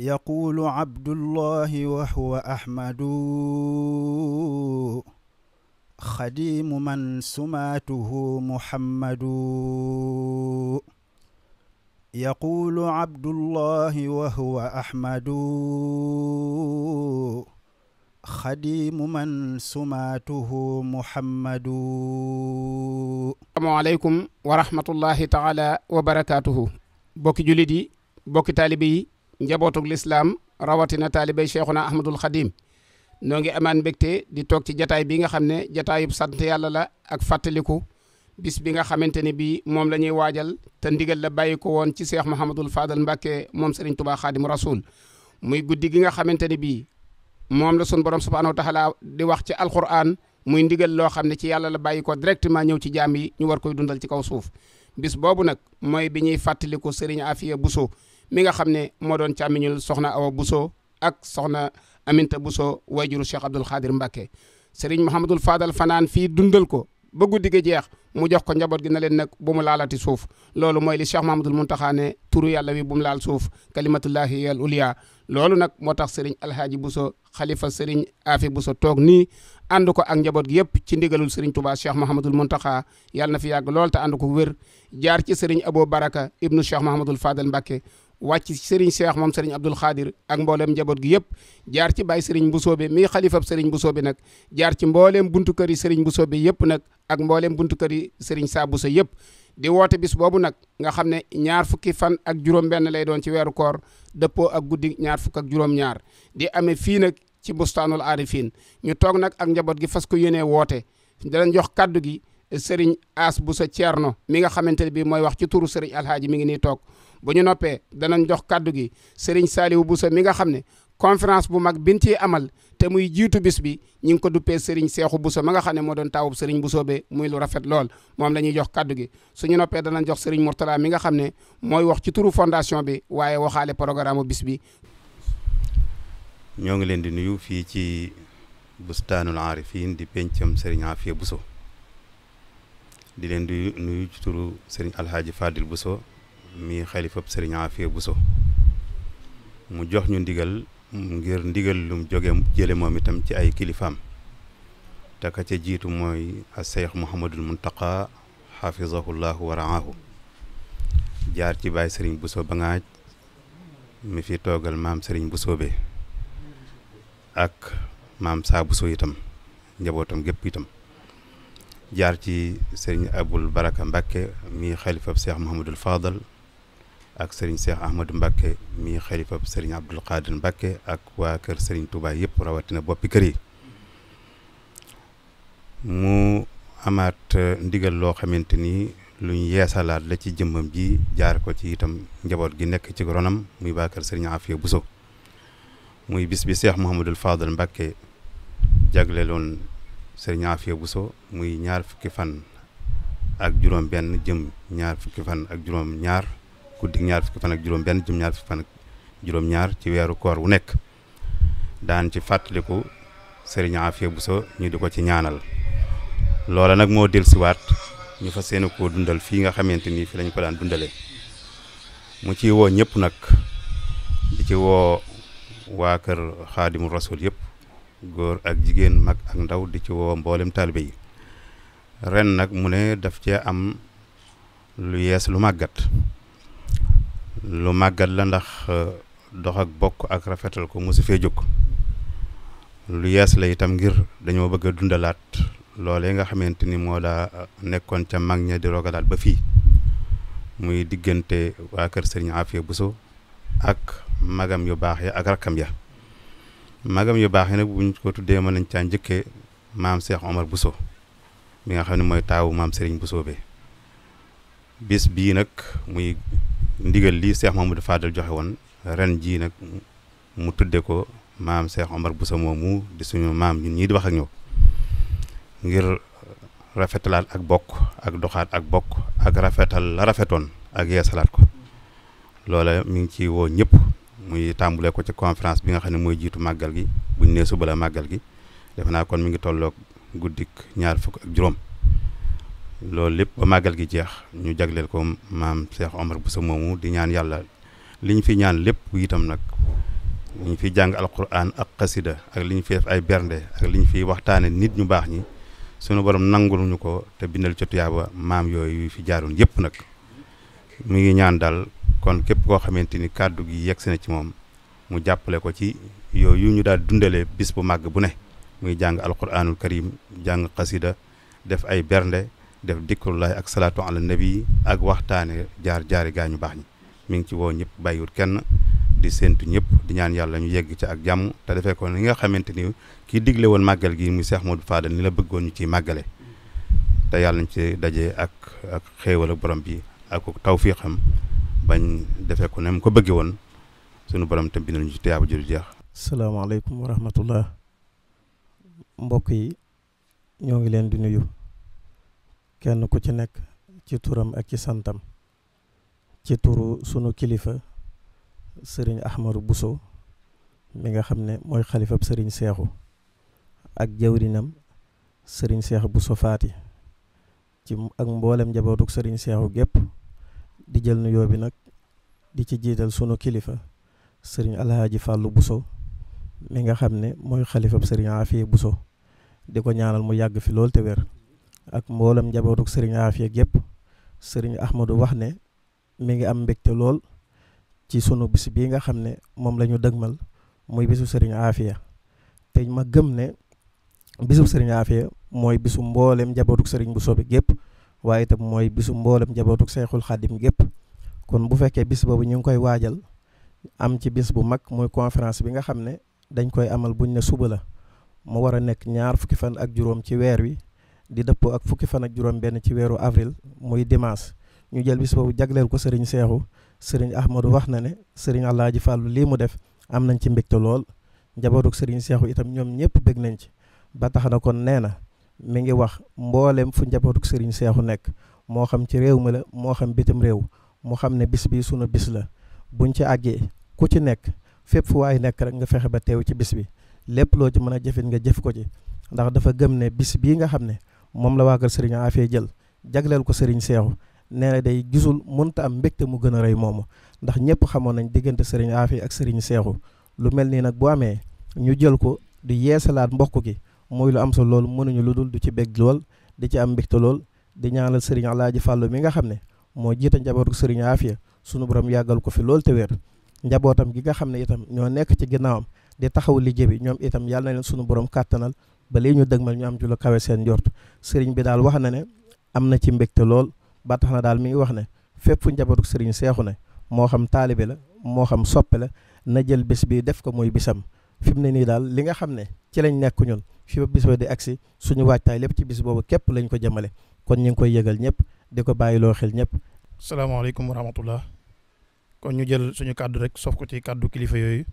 يقول عبد الله وهو أحمد خديم من سماته محمد يقول عبد الله وهو أحمد خديم من سماته محمد السلام عليكم ورحمة الله تعالى وبركاته بوكي جلدي بوكي طالبي njabootug lislaam rawatina taalibey cheikhuna ahmadul xadim noo ngi amaan mbégte di toog ci jataay bii nga xam ne jataayub sant yàlla la ak fàttaliku bis bi nga xamante ne bii moom la ñuy waajal te ndigal la bàyyi ko woon ci seex Muhammadul Fadal Mbàkke moom Serigne Touba Xaadimu Rasuul muy guddi gi nga xamante ni bii moom la sun borom subhaanahu wa taala di wax ci alquran muy ndigal loo xam ne ci yàlla la bàyyi ko directement ñëw ci jaam yi ñu war koy dundal ci kaw suuf bis boobu nag mooy bi ñuy fàttaliku Serigne bu Bousso mi nga xam ne moo doon càmmiñul soxna Awa Bousso ak soxna Aminta Bousso wayjuru Cheikh Abdoul Khadir Mbacke Serigne Mouhamadul Fadal fanaan fii dundal ko ba guddi gi jeex mu jox ko njaboot gi na leen nag bu mu laalati suuf loolu mooy li Cheikh Mouhamadul Mountakha ne turu yàlla wi bu laal suuf kalimatullahi al uliya loolu nag moo tax Serigne Alhaji Bousso xalifa Serigne Afi Bousso toog nii ànd ko ak njaboot gi yëpp ci ndigalul Serigne Touba Cheikh Mouhamadul Mountakha yàlla na fi yàgg lool te ànd ko wér jaar ci Serigne Abo Baraka ibnu Cheikh Mouhamadul Fadal Mbacke wàcc ci sëriñ Cheikh moom sëriñ Abdul Xaadir ak mboolem njaboot gi yëpp jaar ci bàyyi sëriñ Mbusoobe mii xalifab sëriñ Mbusoobe nag jaar ci mbooleem buntu kër yi sëriñ Mbusoobe yëpp nag ak mbooleem buntu kër yi sëriñ Saabusa yëpp di woote bis boobu nag nga xam ne ñaar fukki fan ak juróom-benn lay doon ci weeru koor dëppoo ak guddi ñaar fukk ak juróom-ñaar di amee fii nag ci bustaanul aarifin ñu toog nag ak njaboot gi fas ko yéenee woote danañ jox kaddu gi sëriñ As bu sa Thierno mi nga xamante ne bii mooy wax ci turu sëriñ Alhaaji mi ngi nii toog bu ñu noppee danañ jox kàddu gi Serigne Saliou Bousso mi nga xam ne conférence bu mag biñ ciy amal te muy jiitu bis bi ñi ngi ko duppee Serigne Seexu Bousso ma nga xam ne moo doon taawub Serigne Bousso be muy lu rafet moom la ñuy jox kàddu gi suñu noppee danañ jox Serigne Mourtala mi nga xam ne mooy wax ci turu fondation bi waaye waxaale programme bis bi. ñoo ngi leen di nuyu fii ci bustaanul aarifin di pencam Serigne Afia Bousso di leen di nuyu ci turu Serigne Alhaji Fadil Bousso. mi xalifab sëriñ Afia Bousso mu jox ñu ndigal ngir ndigal lum jóge jële moom itam ci ay kilifaam te ka ca jiitu mooy Seex Muhammadul Muntaqa xafizahullahu wa raahu jaar ci baay sëriñ Bousso ba ngaaj mi fi toogal maam sëriñ Bousso be ak maam saa Bousso itam njabootam gépp itam jaar ci sëriñ Abul Baraka Mbàkke mi xalifab Seex Muhammadul Fadal ak sëriñ Cheikh Ahmadou Mbacke mi xalifa sëriñ Abdoul Khadir Mbacke ak waa kër sëriñ Touba yëpp rawatina boppi kër yi mu amaat euh, ndigal loo xamante ni luñ yeesalaat la ci jëmmam ji jaar ko ci itam njaboot gi nekk ci ronam muy waa kër sëriñ Afia Bousso muy bis bi Cheikh Mouhamadul Fadal Mbacke jagleloon sëriñ Afia Bousso muy ñaar fukki fan ak juróom-benn jëm ñaar fukki fan ak juróom-ñaar. ku guddi ñaar fukki fan juróom-benn jëm ñaar fukki fan ak juróom-ñaar ci weeru koor wu nekk daan ci fàttaliku sëriñ Afia Bousso ñu di ko ci ñaanal loola nag moo dellusiwaat ñu fas seeni ko dundal fii nga xamante nii fi lañ ko daan dundalee mu ci woo ñëpp nag di ci woo waa kër xaadimu rasul yëpp góor ak jigéen mag ak ndaw di ci woo mboolem taalibe yi ren nag mu ne daf cee am lu yees lu màggat lu màggat la ndax euh, doxak bokk ak rafetal ko mosu fee jóg lu yees la itam ngir dañoo bëgg a dundalaat loolee nga xamante ni moo daa euh, nekkoon ca mag ña di rogalaat ba fii muy diggante waa kër Serigne Afia ak magam yu baax ya ak rakkam ya magam yu baax yi nag buñ ko tuddee mën nañ caa njëkkee maam Cheikh Omar Bousso mi nga xam ne mooy taawu maam Serigne Bousso bi bis bii nag muy ndigal lii Cheikh Mamadou Fadal joxe woon ren jii nag mu tudde ko maam Cheikh Omar Bousso moomu di suñu maam ñii di wax ak ñëw ngir rafetalaat ak bokk ak doxaat ak bokk ak rafetal la rafetoon ak yeesalaat ko loola mi ngi ci woo ñëpp muy tàmbulee ko ci conférence bi nga xam ne mooy jiitu màggal gi buñ nee suba la màggal gi defe naa kon mi ngi tolloog guddik ñaar fukk ak juróom loolu lépp ba màggal gi jeex ñu jagleel ko maam Cheikh Omar Bousso moomu di ñaan yàlla li fi ñaan lépp itam nag li ñu fi jàng alquran ak xasida ak li ñu fi def ay bernde ak li ñu fi waxtaane nit ñu baax ñi sunu borom nangul ñu ko te bindal ci tuyaaba maam yooyu fi jaaroon yëpp nag mu ngi ñaan daal kon képp koo xamante ni kàddu gi yegg si na ci moom mu jàppale ko ci yooyu ñu daal dundalee bis bu màgg bu ne muy jàng alquranul karim jàng kasida def ay bernde def dikkurulaay ak salaatu ala nabi ak waxtaane jaar jaari ñu baax ñi mi ngi ci woo ñëpp bàyyiwut kenn di séentu ñëpp di ñaan yàlla ñu yegg ci ak jàmm te defee ko ni nga xamante ni kii digle woon màggal gi muy Seex Moodu Faadal ni la bëggoon ñu ciy màggale te yàlla nañ ci daje ak ak borom bi ak tawfiixam bañ defee ko ne mu ko bëggee woon sunu borom tam bindal ñu ci te tiyaabu jur jeex. salaamaaleykum wa rahmatullah mbokk yi ñoo ngi leen di nuyu. kenn ku ci nekk ci turam ak ci santam ci turu sunu kilifa sëriñ bu Bousso mi nga xam ne mooy xalifab sëriñ seexu ak jawrinam sëriñ seexu Bousso Faati ci mboolem njabootuk sëriñ seexu gépp di jël nuyoo bi nag di ci jiital sunu kilifa sëriñ Alhaaji Fàllu Bousso mi nga xam ne mooy xalifab sëriñ bu Bousso di ko ñaanal mu yàgg fi loolu te wér ak mboolem njabootuk sëriñ Afia yëpp sëriñ Ahmadou wax ne mi ngi am mbégte lool ci sunu bis bii nga xam ne moom lañu ñu dëgmal muy bisu sëriñ Afia te ma gëm ne bisu sëriñ Afia mooy bisu mboolem njabootuk sëriñ bu soobee gépp waaye itam mooy bisu mboolem njabootuk seexul xadim gépp kon bu fekkee bis boobu ñu ngi koy waajal am ci bis bu mag muy conférence bi nga xam ne dañ koy amal buñ ne suba la mu war a nekk ñaar fukki fan ak juróom ci weer wi. di dëppoo ak fukki fan ak juróom-benn ci weeru avril muy dimanche ñu jël bis boobu jagleel ko sëriñ Seexu sëriñ Ahmadou wax na ne sëriñ ji Fàllu lii mu def am nañ ci mbégte lool njabootug sëriñ Seexu itam ñoom ñëpp bég nañ ci ba tax na kon nee na mi ngi wax mbooleem fu njabootug sëriñ Seexu nekk moo xam ci réew mi la moo xam bitim réew mu xam ne bis bii sunu bis la buñ ci àggee ku ci nekk fépp fu waay nekk rek nga fexe ba teew ci bis bi lépp loo ci mën a jëfit nga jëf ko ci ndax dafa gëm ne bis bii nga xam ne moom la waa kër sëriñ Afia jël jagleel ko sëriñ Seexu nee day gisul mënta am mbégte mu gën a rëy moomu ndax ñëpp xamoon nañ diggante sëriñ Afia ak sëriñ Seexu lu mel nii nag bu amee ñu jël ko di yeesalaat mbokk gi muy lu am sa loolu mënuñu lu dul du ci bég lool di ci am mbégte lool di ñaanal sëriñ Alaaji Fàllu mi nga xam ne moo jiite njabootu sëriñ Afia sunu borom yàggal ko fi lool te wér njabootam gi nga xam ne itam ñoo nekk ci ginnaawam di taxaw liggéey bi ñoom itam yàlla na leen sunu borom kàttanal ba léegi ñu dëgmal ñu am ci lu kawe seen jort sëriñ bi daal wax na ne am na ci mbégte lool ba tax na daal mi ngi wax ne fépp fu njabootu sëriñ seexu ne moo xam taalibe la moo xam soppe la na jël bés bi def ko muy bisam fi mu ne nii daal li nga xam ne ci lañ nekk ñun fi ba bis ba di agsi suñu waajtaay lépp ci bis boobu képp lañ ko jëmale kon ñu ngi koy yëgal ñëpp di ko bàyyiloo xel ñëpp. salaamaaleykum wa kon ñu jël suñu kàddu rek sof ko ci kàddu kilifa yooyu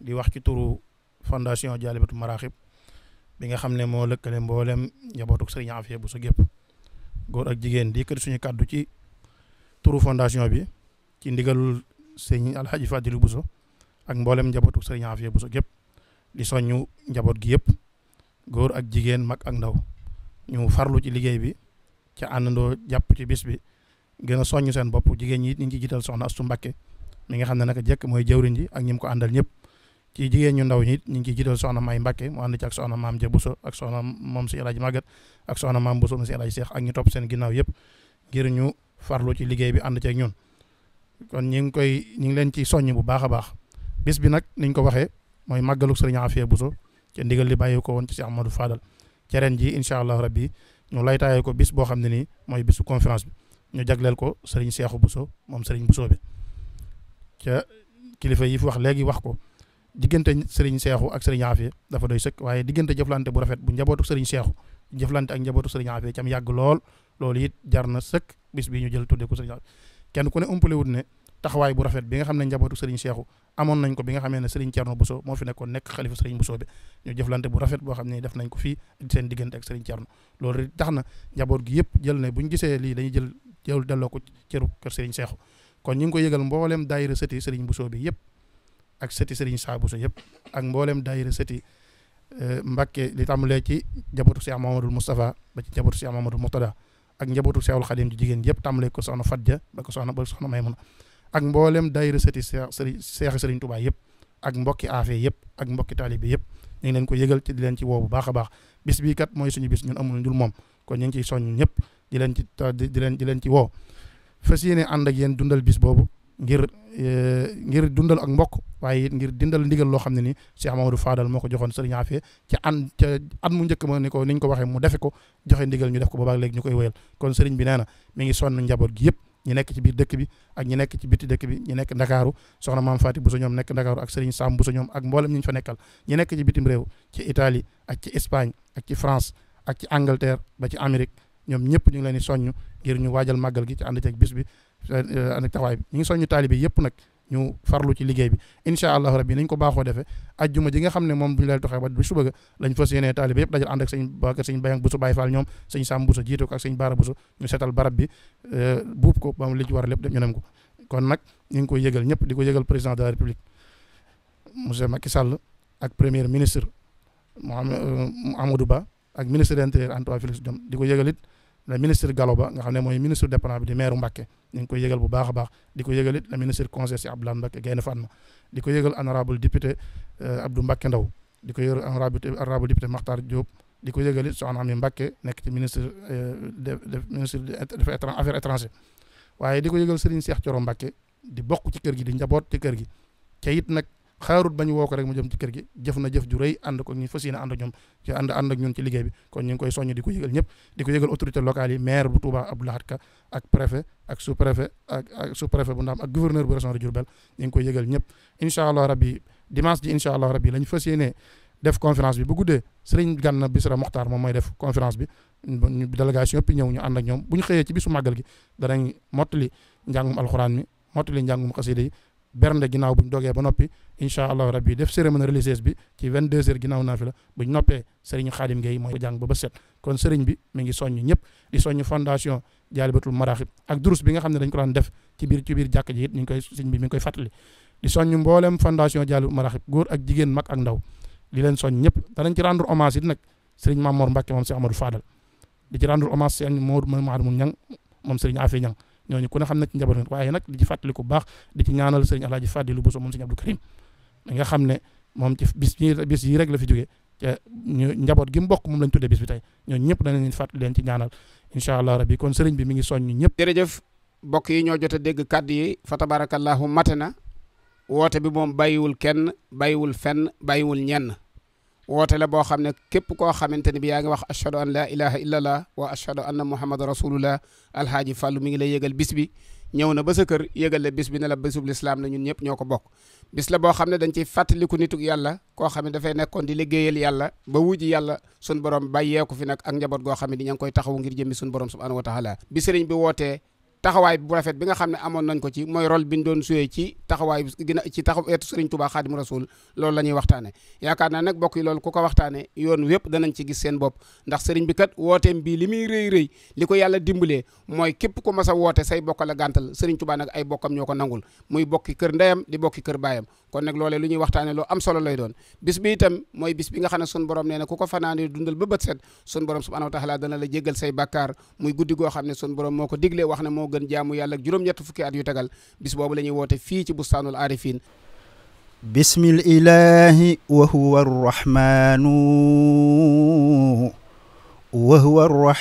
di wax ci turu fondation Dialibatoul Marakhib bi nga xam ne moo lëkkale mboolem njabootu sëriñ Afia Bousso gépp góor ak jigéen di yëkkati suñu kàddu ci turu bi ci ndigalul sëriñ Alhaji Fadilu ak mboolem njabootu sëriñ Afia Bousso gépp di soññu njaboot gi yëpp góor ak jigéen mag ak ndaw ñu farlu ci liggéey bi ca àndandoo jàpp ci bis bi gën a soññ seen bopp jigéen ñi it ngi ci jital soxna Astu Mbàkke mi nga xam ne naka jekk mooy jëwriñ ji ak ñi ko àndal ñëpp ci jigéen ñu ndaw ñi ñu ngi ciy jiital soxna May Mbacke mu ànd ci ak soxna maam Ja Buso ak soxna moom si El Hadj ak soxna maam Buso mu si El ak ñu topp seen ginnaaw yëpp ngir ñu farlu ci liggéey bi ànd ci ak kon ñi ngi koy ñi ngi leen ci soññ bu baax a baax bis bi nag niñ ko waxee mooy màggalu Sëriñ Afia Buso ci ndigal li bàyyi ko woon ci Seex Ahmadou Fadal ci ji incha allah rabbi ñu laytaayee ko bis boo xam ne ni mooy bisu conférence bi ñu jagleel ko Sëriñ Seexu Buso moom Sëriñ Buso bi kilifa yi fi wax léegi wax ko diggante sëriñ seexu ak sëriñ aafiya dafa doy sëkk waaye diggante jëflante bu rafet bu njabootu sëriñ seexu jëflante ak njabootu sëriñ aafiya yàgg lool loolu it jar na sëkk bis bi ñu jël tudde ko sëriñ aafiya kenn ku ne umpalewut ne taxawaay bu rafet bi nga xam ne njabootu sëriñ seexu amoon nañ ko bi nga xamee ne sëriñ Cerno Buso moo fi nekkoon nekk xalifa sëriñ Buso bi ñu jëflante boo xam ne def nañ ko fii seen diggante ak sëriñ Cerno loolu na njaboot gi yëpp jël ne bu ñu gisee lii dañu jël jël delloo ko cëru kër kon ñu ngi ko yëgal mbooleem daayira sëti sëriñ Buso bi yëpp ak sëti Serigne Saabuso yëpp ak mboolem daayira sëti eh, Mbàkke li tàmbalee ci njabootu Cheikh Mamadou Moustapha ba ci njabootu Cheikh Mamadou Mourtada ak njabootu Cheikhul Khadim ji jigéen yëpp tàmbalee ko soxna Fadja ba ko soxna ba soxna Maymuna ak mboolem daayira sëti Serigne Cheikh Serigne Touba yëpp ak mbokki aafe yëpp ak mbokki taalibe yëpp ñu ngi leen ko yëgal ci di leen ci woo bu baax a baax bis bii kat mooy suñu dundal bis boobu ngir eh, ngir dundal ak mbokk waaye it ngir dindal ndigal loo xam ne ni Cheikh Mamadou Fadal moo ko joxoon sëriñ Afia ca an ca at mu njëkk ma ni ko ni ñu ko waxee mu defe ko joxe ndigal ñu def ko boobaag léegi ñu koy wéyal kon sëriñ bi nee na mi ngi sonn njaboot gi yëpp ñu nekk ci biir dëkk bi ak ñi nekk ci biti dëkk bi ñu nekk ndakaaru soxna maam Fati bu sa ñoom nekk ndakaaru ak sëriñ Sam bu sa ñoom ak mboolem ñu fa nekkal ñi nekk ci bitim réew ci Italie ak ci Espagne ak France ak ci Angleterre ba ci Amérique ñoom ñëpp ñu ngi leen di soññ ngir ñu waajal màggal gi ci ànd bis bi Euh, ak taxawaay bi ñu ngi soññu taalibe yëpp nag ñu farlu ci liggéey bi incha allahu rabbi nañ ko baaxoo defee ajjuma ji nga xam ne moom bu ñu lay toxee ba bu suba ga lañ fas yéene taalibe yëpp dajal ànd ak sëñ baak sëñ bayang busu bàyyi faal ñoom sëñ sàmm busu jiitu ko ak sëñ baara busu ñu seetal barab bi euh, buub ko ba mu li ci war lépp def ñu nem ko kon nag ñu ngi koy yëgal ñëpp di ko yëgal président de la république monsieur Macky Sall ak premier ministre Mouhamadou Ba ak ministre de l'intérieur Antoine Félix Diome di ko yëgal la ministre Gallo Ba nga xam ne mooy ministre dépendant bi di maire Mbacke ñu ngi koy yëgal bu baax a baax di ko yëgal it le ministre conseil si Abdoulaye Mbacke Gaynde Fatma di ko yëgal honorable député euh, Abdou Mbacke Ndaw di ko yëgal honorable député Makhtar Diop di ko yëgal it soxna Amy Mbacke nekk ci ministre euh, de ministre affaires étrangères waaye di ko yëgal Serigne Cheikh Thioro Mbacke di bokk ci kër gi di njaboot ci kër gi te it nag xaarut bañ woo ko rek mu jëm ci kër gi jëf na jëf ju rëy ànd ko ñu fas yéene ànd ak ñoom ci ànd ànd ak ñun ko yëgal ñëpp ko yëgal autorité locale yi maire bu Touba Abdou Lahad Ka ak préfet ak sous préfet ak ak sous préfet bu ak gouverneur bu région de Diourbel ñu ngi koy yëgal ñëpp incha allah rabbi dimanche ji incha allah rabbi lañ fas yéene def conférence bi bu guddee Serigne Ganna moom mooy def conférence bi délégation yëpp ñëw ñu ànd ak ñoom bu ñu xëyee ci bisu màggal gi dana danañ mottali njàngum alxuraan mi mottali njàngum xasida yi bernde ginnaaw buñ dogee ba noppi incha allahu rabbi def cérémonie religieuse bi ci 22 heures ginnaaw naafila buñ noppee sëriñ Xaadim Gueye mooy jàng ba ba set kon sëriñ bi mi ngi soññ ñëpp di soññ fondation Jaalibatul Maraaxib ak durus bi nga xam ne dañ ko daan def ci biir ci biir jàkk ji it ñu ngi koy sëriñ bi mi ngi koy fàttali di soññ mboolem fondation Jaalibatul Maraaxib góor ak jigéen mag ak ndaw di leen soññ ñëpp danañ ci rendre hommage it nag sëriñ Mamoor Mbàkke moom si Amadou Fadal di ci rendre hommage sëriñ Moodu Maadou Ñang moom ñooñu ku ne xam na ci njaboot waaye nag di ci fàttaliku bu baax di ci ñaanal sëriñ Alaaji Fadilu Bousso moom sëriñ Abdou Karim nga xam ne moom ci bis yi bis yi rek la fi jógee njaboot gi mu bokk moom lañ tuddee bis bi tey ñooñu ñëpp danañ leen fàttali leen ci ñaanal incha allah rabbi kon sëriñ bi mi ngi soññ ñëpp jërëjëf mbokk yi ñoo jot a dégg kàddu yi fa tabarakallahu mate na woote bi moom bàyyiwul kenn bàyyiwul fenn bàyyiwul ñenn woote la boo xam ne képp koo xamante ne bi yaa ngi wax ashhadu an laa ilaha illallah wa ashhadu anna muhammad rasulullah alhaaji fàllu mu ngi lay yëgal bis bi ñëw na ba sa kër yëgal la bis bi ne la bésub lislaam na ñun ñëpp ñoo ko bokk bis la boo xam ne dañ ciy fàttaliku nitug yàlla koo xam ne dafay nekkoon di liggéeyal yàlla ba wuji yàlla sun borom bàyyeeku fi nag ak njaboot goo xam ne di ña ngi koy taxawu ngir jëmmi sun borom subhanahu wa taala bi sëriñ wootee taxawaay bu rafet bi nga xam ne amoon nañ ko ci mooy rôle bi ñu doon suyee ci taxawaay gina Sëriñ Tuubaa Xaadimu Rasuul loolu la waxtaane yaakaar naa nag bokk yi loolu ku ko waxtaane yoon wépp danañ ci gis seen bopp ndax sëriñ bi kat wooteem bii li muy rëy rëy li ko yàlla dimbalee mooy képp ku mas a woote say bokka la gàntal Sëriñ Tuubaa nag ay bokkam ñoo ko nangul muy bokki kër ndeyam di bokki kër baayam kon nag loolee lu ñuy waxtaane loo am solo lay doon bis bi itam mooy bis bi nga ne sun borom ko fanaane dundal ba bët set sun la jéggal say bàkkaar muy guddi goo xam ne moo ko wax ne moo gën jaamu yàlla ak juróom-ñett fukki at yu tegal bis boobu la ñuy woote fii ci bustaanul ilaahi wa huwa arrahmaanu wa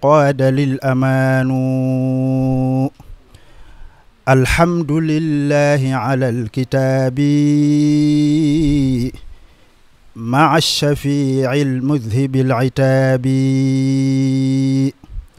qaada lil amaanu alhamdulillahi ala alkitaabi maa alshafiici almudhibi alcitaabi